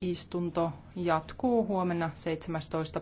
Istunto jatkuu huomenna 17.